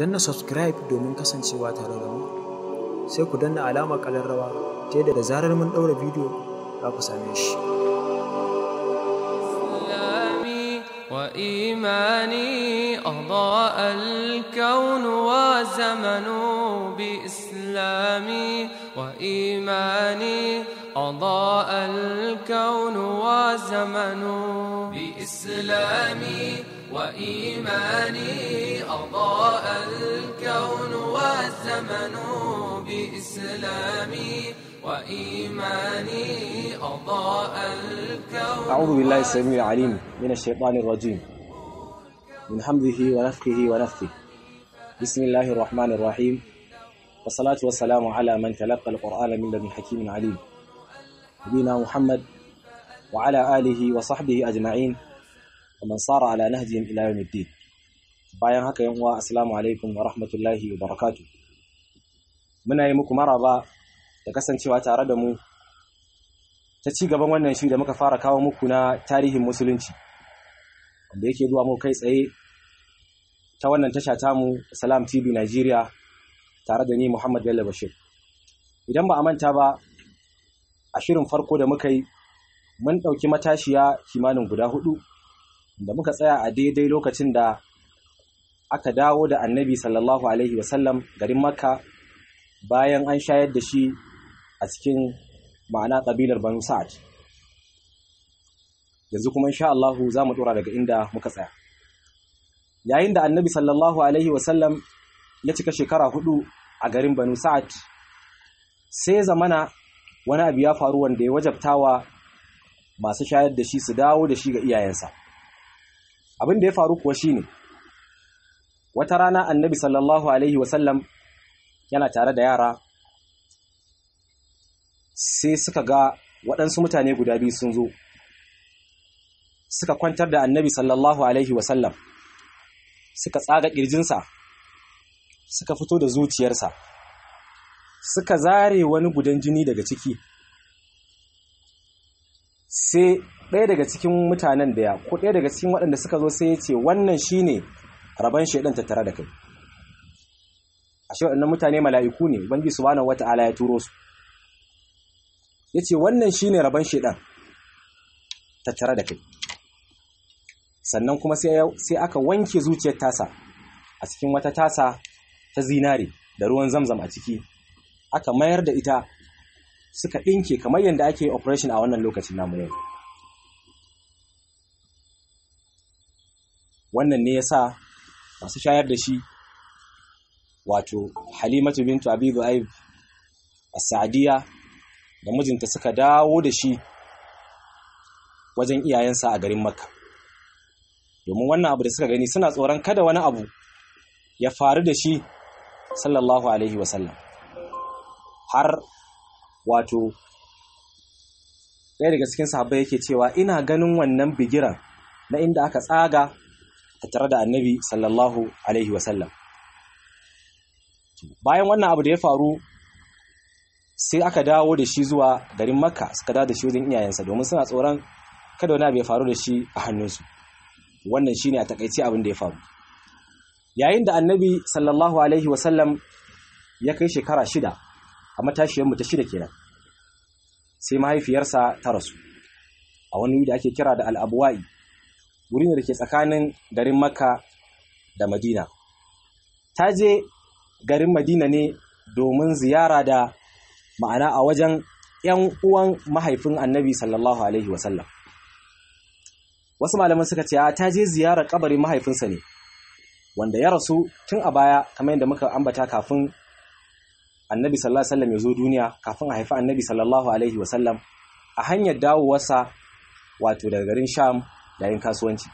danna subscribe domin kasancewa tare da mu sai ku danna alama ƙararrawa ta yadda da zarar mun ɗaura bidiyo za ku same shi وإيماني أضاء الكون وزمن بإسلامي وإيماني أضاء الكون وزمن بإسلامي وإيماني أضاء الكون والزمن بإسلامي وإيماني أضاء الكون أعوذ بالله السميع العليم من الشيطان الرجيم من حمده ونفخه ونفثه بسم الله الرحمن الرحيم والصلاة والسلام على من تلقى القرآن من لدن حكيم عليم نبينا محمد وعلى آله وصحبه أجمعين ومن صار على نهجهم إلى يوم الدين bayan haka yan uwa assalamu alaikum wa rahmatullahi wa barakatu muna yi muku maraba da kasancewa tare da mu ta ci gaban wannan shi da muka fara kawo muku na tarihin musulunci wanda yake zuwa mu kai tsaye ta wannan tasha mu salam tv nigeria tare da ni muhammad bello bashir idan ba a manta ba a shirin farko da muka yi mun ɗauki matashiya kimanin guda hudu da muka tsaya a daidai lokacin da aka dawo da annabi sallallahu alaihi wasallam garin makka bayan an shayar da shi a cikin ma'ana ƙabilar banu sa'ad yanzu kuma insha Allah za mu tura daga inda muka tsaya yayin da annabi sallallahu alaihi wasallam ya cika shekara hudu a garin banu sa'ad sai zamana wani abu ya faru wanda ya wajabtawa masu shayar da shi su dawo da shi ga iyayensa abin da ya faru kuwa shine wata rana annabi sallallahu alaihi wasallam yana tare da yara sai suka ga waɗansu mutane guda biyu sun zo suka kwantar da annabi sallallahu alaihi wasallam suka tsaga ƙirjinsa suka fito da zuciyarsa suka zare wani gudan jini daga ciki sai ɗaya daga cikin mutanen da ko ɗaya daga cikin waɗanda suka zo sai ya ce wannan shine rabon shaidan tattara da kai ashe waɗannan mutane mala'iku ne ubangi subhanahu wata'ala ya turo su Ya ce wannan shine rabon shaidan tattara da kai sannan kuma sai aka wanke zuciyar tasa a cikin wata tasa ta zinare da ruwan zamzam a ciki aka mayar da ita suka ɗinke kamar yadda ake operation a wannan lokacin namu yau wannan ne ya sa masu shayar da shi wato halimatu bintu abibu Aib, a sadiya da mijinta suka dawo da shi wajen iyayensa a garin makka domin wannan abu da suka gani suna tsoron kada wani abu ya faru da shi sallallahu alaihi wasallam har wato ɗaya daga cikin sahabbai yake cewa ina ganin wannan bigiran na inda aka tsaga Ta tare da annabi sallallahu alaihi wasallam bayan wannan abu da ya faru sai aka dawo da shi zuwa garin makka suka dawo da shi wajen iyayensa domin suna tsoron kada wani abu ya faru da shi a hannunsu wannan shine a takaice abin da ya faru yayin da annabi sallallahu alaihi wasallam ya kai shekara shida a matashiyarmu ta shida kenan sai mahaifiyarsa ta rasu a wani da ake kira da al'abuwa'i wuri ne da ke tsakanin garin makka da madina ta je garin madina ne domin ziyara da ma'ana a wajen 'yan uwan mahaifin annabi sallallahu alaihi wasallam wasu malaman suka ce ta je ziyarar kabarin mahaifinsa ne wanda ya rasu tun a baya kamar yadda muka ambata kafin annabi sallallahu alaihi wasallam ya zo duniya kafin a haifi annabi sallallahu alaihi wasallam a hanyar dawowarsa wato daga garin sham yayin kasuwanci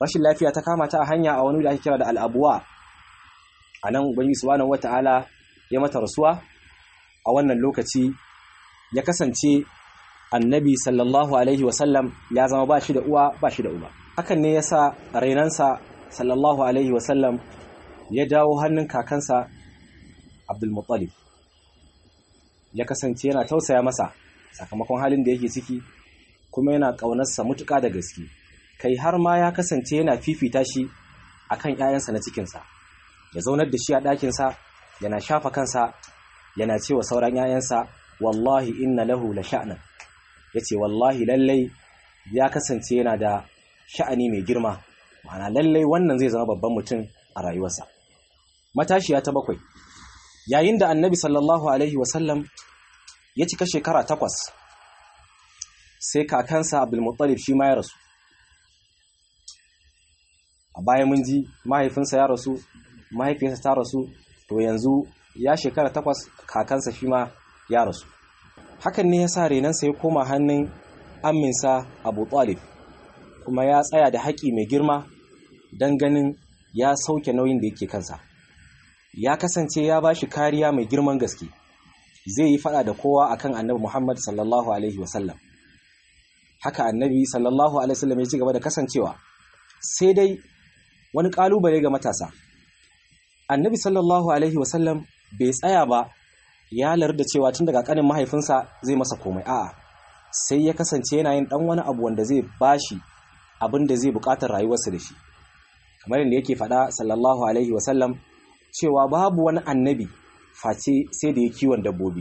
rashin lafiya ta kama ta a hanya a wani da ake kira da al'abuwa a nan ubangiji subhanahu wata'ala ya mata rasuwa a wannan lokaci ya kasance annabi sallallahu alaihi wasallam ya zama ba shi da uwa ba shi da uba hakan ne ya sa rainansa sallallahu alaihi wasallam ya dawo hannun kakansa abdulmuttalib ya kasance yana tausaya masa sakamakon halin da yake ciki kuma yana ƙaunarsa mutuƙa da gaske kai har ma ya kasance yana fifita shi a kan ‘ya'yansa na cikinsa ya zaunar da shi a ɗakinsa yana shafa kansa yana ce wa sauran ‘ya'yansa wallahi inna lahu la sha'anan ya ce wallahi lallai ya kasance yana da sha'ani mai girma ma'ana lallai wannan zai zama babban mutum a rayuwarsa matashiya ta bakwai yayin da annabi sallallahu alaihi wasallam ya cika shekara takwas sai kakansa abdulmuttalib shi ma ya rasu a baya mun ji mahaifinsa ya rasu mahaifinsa ta rasu to yanzu ya shekara takwas kakansa shi ma ya rasu hakan ne ya sa renansa ya koma hannun aminsa abu talib kuma ya tsaya da haƙi mai girma don ganin ya sauke nauyin da yake kansa ya kasance ya ba shi kariya mai girman gaske zai yi fada da kowa akan annabi muhammad sallallahu alaihi wasallam haka annabi sallallahu alaihi wasallam ya ci gaba da kasancewa sai dai wani kalubale ga matasa annabi sallallahu alaihi wasallam bai tsaya ba ya da cewa tun daga kanin mahaifinsa zai masa komai a'a sai ya kasance yana yin dan wani abu wanda zai bashi abin da zai bukatar rayuwarsa da shi kamar yadda yake faɗa sallallahu alaihi wasallam cewa babu wani annabi face sai da ya kiwon dabbobi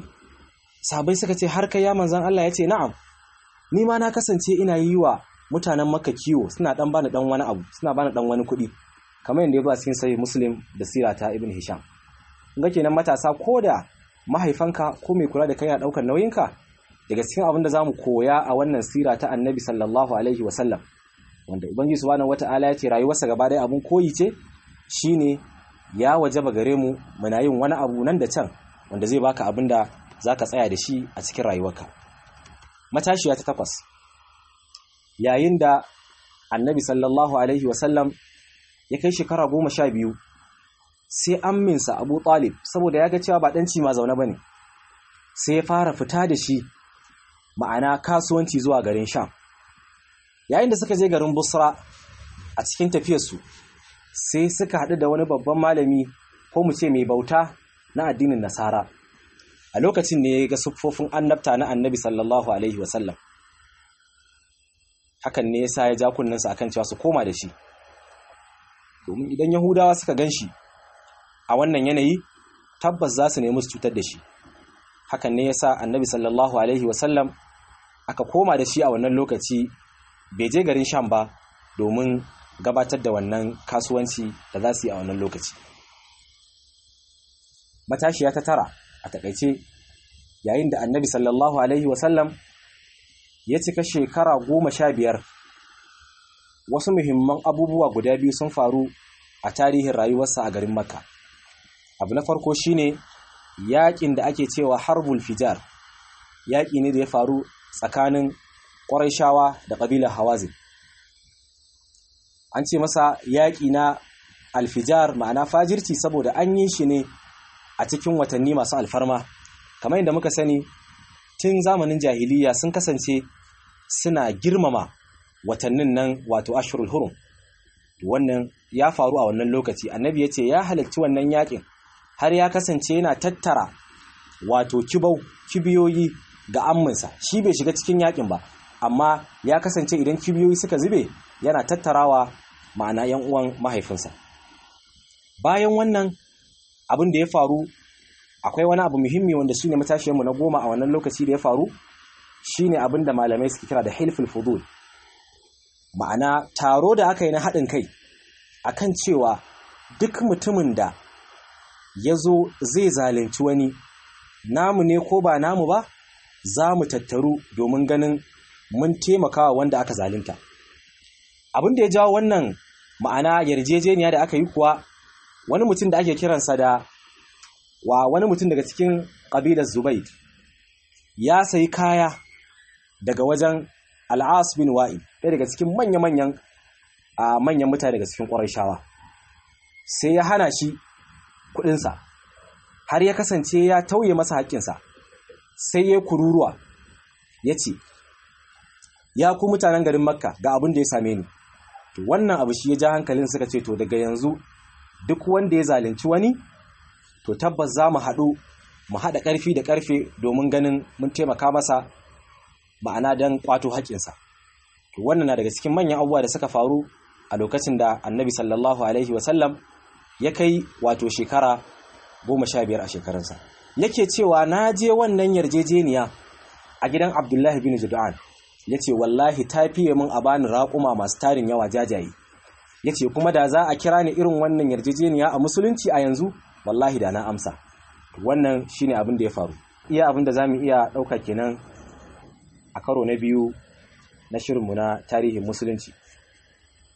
sabai suka ce har kai ya manzan Allah ya ce na'am ni ma na kasance ina yi wa mutanen maka kiwo suna dan bani dan wani abu suna bani dan wani kuɗi kamar yadda ya ba cikin sai muslim da sira ta ibn hisham ga kenan matasa ko da mahaifanka ko mai kula da kai na daukar nauyinka daga cikin abin da zamu koya a wannan sira ta annabi sallallahu alaihi wasallam wanda ubangiji subhanahu wataala ya ce rayuwarsa gaba ɗaya abun koyi ce shine ya waje ba gare mu muna yin wani abu nan da can wanda zai baka abin da zaka tsaya da shi a cikin rayuwarka matashiya ta takwas yayin da annabi sallallahu alaihi wasallam ya kai shekara goma sha biyu sai amminsa abu talib saboda ya ga cewa ba ɗanci ma zaune ba ne sai ya fara fita da shi ma'ana kasuwanci zuwa garin sham yayin da suka je garin busra a cikin tafiyarsu sai suka haɗu da wani babban malami ko mu ce mai bauta na addinin nasara a lokacin ne ga siffofin annabta na annabi sallallahu alaihi wasallam hakan ne yasa ya ja a kan cewa su koma da shi domin idan yahudawa suka gan shi a wannan yanayi tabbas za su nemi su cutar da shi hakan ne yasa annabi sallallahu alaihi wasallam aka koma da shi a wannan lokaci bai je garin sham ba domin gabatar da wannan kasuwanci da za su yi a wannan lokaci matashiya ta tara a takaice yayin da annabi sallallahu alaihi wasallam ya cika shekara goma sha biyar wasu muhimman abubuwa guda biyu sun faru a tarihin rayuwarsa a garin makka abu na farko shine yaƙin da ake cewa harbul fijar yaƙi ne da ya faru tsakanin ƙwarai da ƙabilar hawazin an ce masa yaƙi na alfijar ma'ana fajirci saboda an yi shi ne a cikin watanni masu alfarma kamar yadda muka sani tun zamanin jahiliya sun kasance suna girmama watannin nan wato ashirul hurum wannan ya faru a wannan lokaci annabi ya ce ya halarci wannan yakin har ya kasance yana tattara wato kibau kibiyoyi ga amminsa shi bai shiga cikin yakin ba amma ya kasance idan kibiyoyi suka zube yana tattarawa ma'ana yan uwan mahaifinsa bayan wannan abin da ya faru akwai wani abu muhimmi wanda shine matashiyarmu na goma a wannan lokaci da ya faru shine abin da malamai suke kira da hilful fudul ma'ana taro da aka yi na haɗin kai akan cewa duk mutumin da ya zo zai zalunci wani namu ne ko ba namu ba za mu tattaru domin ganin mun taimakawa wanda aka zalunta abin da ya jawo wannan ma'ana yarjejeniya da aka yi kuwa wani mutum da ake kiransa da wa wani mutum daga cikin ƙabilar Zubaid ya sayi kaya daga wajen Al'as bin Wa'il ɗaya daga cikin manya-manyan a manyan mutane daga cikin ƙwarishawa sai ya hana shi kuɗinsa har ya kasance ya tauye masa haƙƙinsa sai ya kururuwa ya ce ya ku mutanen garin makka ga abin da ya same ni wannan abu shi ya ja hankalin suka ce to daga yanzu duk wanda ya zalunci wani to tabbas za mu haɗu mu haɗa ƙarfi da ƙarfe domin ganin mun taimaka masa ma'ana don ƙwato haƙƙinsa to wannan na daga cikin manyan abubuwa da suka faru a lokacin da annabi sallallahu alaihi wasallam ya kai wato shekara goma sha biyar a shekarunsa yake cewa na je wannan yarjejeniya a gidan abdullahi bin Jadu'an, ya ce wallahi ta fiye min a bani raƙuma masu tarin yawa jajaye Ya ce kuma da za a kira ni irin wannan yarjejeniya a musulunci a yanzu wallahi da na amsa wannan shi ne abin da ya faru iya abin da za mu iya ɗauka kenan a karo na biyu na shirinmu na tarihin musulunci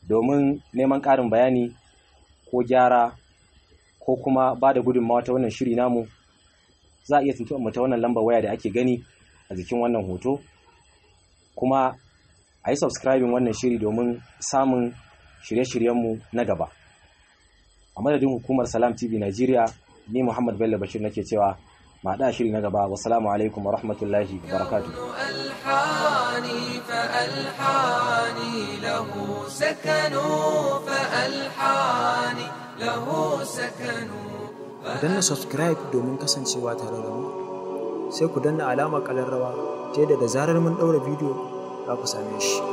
domin neman ƙarin bayani ko gyara ko kuma ba da gudunmawa ta wannan shiri namu za a iya tuntun mu ta wannan lambar waya da ake gani a jikin wannan hoto kuma a yi subscribing wannan shiri domin samun shirye-shiryenmu na gaba a madadin hukumar salam tv nigeria ni muhammad bello bashir nake cewa ma shiri na gaba wasalamu alaikum wa rahmatullahi wa barakatu. ku danna subscribe domin kasancewa tare da mu sai ku danna alamar ƙalarrawa ta yadda da zarar mun ɗaura bidiyo za ku same shi